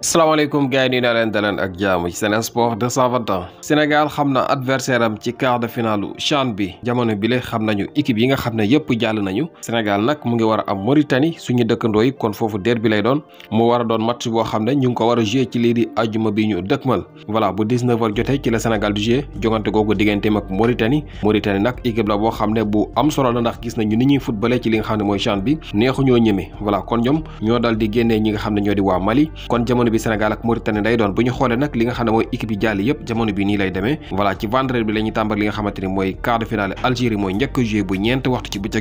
salaamaaleykum gars yi nuyu naa leen daleen ak jaamu ci Sen Sport 221 Sénégal xam na adversaire am ci quart de finalu CHAN bi jamono bile xam nañu équipe yi nga xam ne yëpp jàll nañu Sénégal nag mu ngi war a am Mauritanie suñu dëkkandoo yi kon foofu derby lay doon mu war a doon match boo xam ne ñu ngi ko war a joué ci lii di ajuma bi ñu dëkkmal voilà bu 19h jotee ci la Sénégal di joué jongante googu digganteem ak Mauritanie Mauritanie nag équipe la boo xam ne bu am solo la ndax gis nañu ni ñuy footballé ci li nga ne mooy CHAN neexu ñoo ñëme voilà kon ñoom ñoo dal di génnee ñi nga xam ne ñoo di waa Mali jamono bi Sénégal ak Mauritanie day doon bu ñu xoolee nag li nga xam ne mooy équipe yi jàll yëpp jamono bi nii lay demee voilà ci vendredi bi la ñuy li nga xamante ni mooy a joué bu ñeent waxtu équipe yi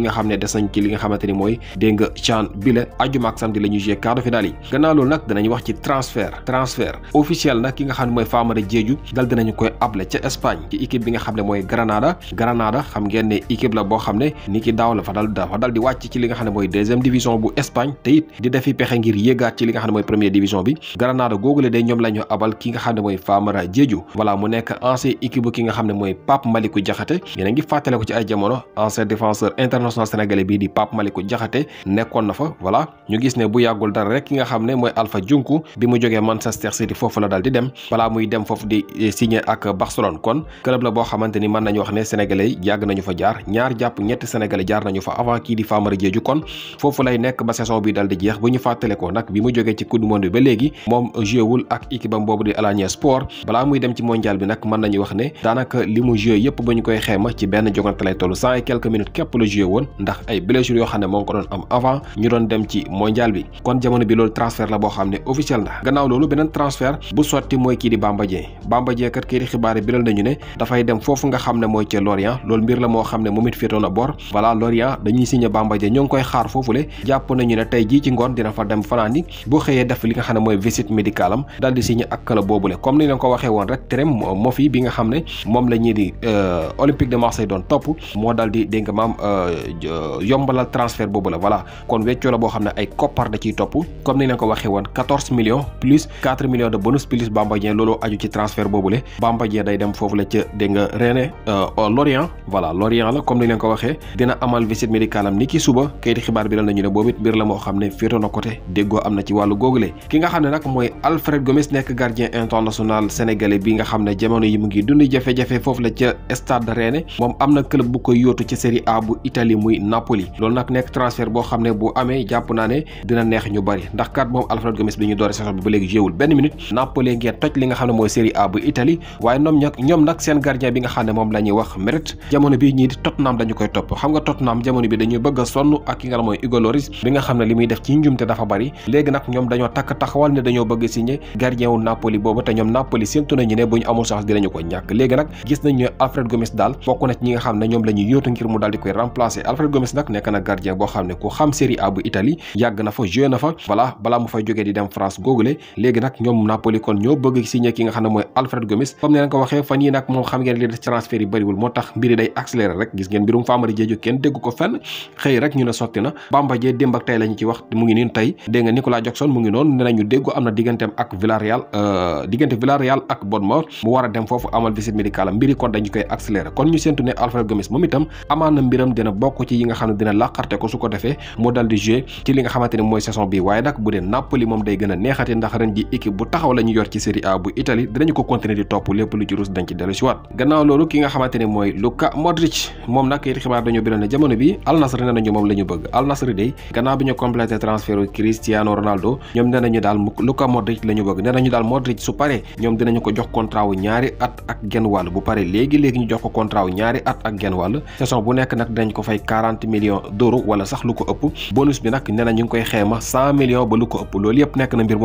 nga xam ne des ci li nga xamante ni mooy dégg nga chan bi la ajuma ak samedi la ñuy joué quart de finale yi gannaaw loolu nag danañ wax ci transfert transfert officiel nag ki nga xam ne mooy Famara Diédhiou xam ngeen ne la boo xam ne ni ki daaw la fa dal di wàcc ci li nga xam ne mooy deuxième division bu Espagne te di defi pexe ngir yéegaat ci li nga xam ne mooy première division bi Granada googule day ñoom la abal ki nga xam ne mooy Famara Diédhiou voilà mu nekk ancien équipe ki nga xam ne mooy Pape Konate nekkoon na fa voilà ñu gis ne bu yàggul dara rek ki nga xam ne mooy Alpha Junku bi mu jógee Manchester City foofu la dal di dem balaa muy dem foofu di eh, signé ak Barcelone kon club la boo xamante ni mën nañu wax ne sénégalais yi yàgg nañu fa jaar ñaar jàpp ñetti sénégalais jaar nañu fa avant kii di Famara Diédhiou kon foofu lay nekk ba saison bi dal di jeex bu ñu fàttale ko nag bi mu jógee ci coupe du bi ba léegi moom joué ak équipe boobu di Alanya Sport balaa wax ne daanaka li mu joué yëpp ba ñu koy xeema ci benn jogante lay toll doon am avant ñu doon dem ci mondial bi kon jamono bi loolu transfert la boo xam officiel na gannaaw loolu beneen transfert bu sotti mooy kii di Bamba Dieng Bamba Dieng kat kii di xibaar biral nañu ne dafay dem foofu nga xam ne mooy ca Lorient loolu mbir la moo xam ne moom bor voilà Lorient dañuy signé Bamba Dieng ñoo koy xaar nañu ci dina fa dem fanaani bu xëyee def li nga xam ne mooy visite médicale am daal di signé ak club boobule comme ni leen ko waxee rek terem moo fi bi nga xam ne moom di euh, olympique de marseille doon topp moo di euh, yombalal transfert la voilà kon weccoo la boo xam ne ay koppar da ciy topp comme ni leen ko waxee woon 14 millions plus 4 millions de bonus plus Bamba Dieng loolu aju ci transfert boobule Bamba Dieng day dem foofu la ca dégg nga Rennes euh, euh, Lorient voilà Lorient la comme ni leen ko waxee dina amal visite médicale am ni ki suba kayiti xibaar bi la nañu ne boobu it mbir la moo xam ne féetoo na côté déggoo am ci wàllu googule ki nga xam ne nag Alfred Gomis nekk gardien international sénégalais bi nga xam ne jamono yi mu ngi dund jafe-jafe foofu la ca stade Rennes moom am na club bu ko yóotu ci série A bu Italie muy Napoli loolu nag nekk transfert affaire boo xam bu amee jàpp naa ne dina neex ñu bari ndax kat Alfred Gomez bi ñu doore saison ba léegi minute Napoli ngeen toj li nga xam ne Serie A bu Italie waaye ñoom ñag ñoom nag seen gardien bi nga xam ne moom wax Meret jamono bi ñii di Tottenham dañu koy topp xam nga Tottenham jamono bi dañuy bëgg a ak ki nga mooy Hugo Lloris bi nga xam ne def ci dafa bari dañoo taxawal dañoo bëgg signé gardien wu Napoli boobu te ñoom Napoli séntu nañu ne bu amul chance dinañu ko ñàkk gis nañ Alfred Gomis dal. bokk na ci ñi nga xam ne ñoom ngir mu di koy remplacer Alfred Gomis nag nekk na gardien boo xam xamne ku xam Abu A bu Italie yag na fa jouer na fa voilà bala mu fay di dem France gogulé légui nak ñom Napoli kon ñoo bëgg signé ki nga xamne moy Alfred gomes comme ne ko fani fan yi nak mom xam ngeen li def transfert yi bari wul motax mbiri day accélérer rek gis ngeen mbirum Famara Diédhiou kenn dégg ko fenn xey rek ñu na sotti na Bamba Dié demb ak tay lañ ci wax mu ngi tay nga Nicolas Jackson mu ngi non nenañu déggo amna digëntem ak Villarreal euh dem Villarreal ak Bournemouth mu wara dem fofu amal visite médicale mbiri kon dañ koy accélérer kon ñu sentu ne Alfred Gomis memitam, itam amana mbiram dina bokku ci yi nga xamne dina laqarté ko su ko modal mu dal di jouer ci li nga xamante ni saison bi waaye nag bu Napoli moom day gën a neexati ndax ren ji équipe bu taxaw la ñu yor ci Serie A bu Italie ko continuer di topp lépp lu ci rus dañ ci dellu si waat gannaaw loolu ki nga Luka Modric mom nak it xibaar dañoo biral ne jamono bi Al Nassr nee nañu moom la ñu bëgg Al Nassr day gannaaw Cristiano Ronaldo ñoom nee nañu Luka Modric la ñu bëgg nee nañu Modric su paree ñoom dinañu ko jox contrat wu ñaari at ak genn wàll bu pare léegi léegi ñu jox ko contrat wu ñaari at ak genn wàll saison bu nekk nag dinañ ko fay 40 millions d'euros wala sax lu ko ëpp bonus bi nag nee ñu ngi koy xeema 100 millions ba lu ko ëpp loolu yëpp nekk na mbir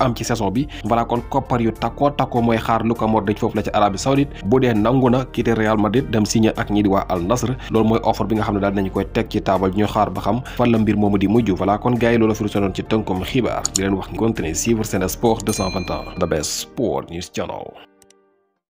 am ci saison bi voilà kon koppar yu takkoo takkoo mooy xaar Luka Modric foofu la ci Arabie Saoudite bu Real Madrid dem signé ak ñi di Al Nasr loolu mooy offre bi nga koy tek ci taabal ñu xaar ba xam fan la mbir moomu di mujj voilà kon gars loolu fi lu sonoon ci tënkom xibaar di leen wax Sen Sport the best sport news channel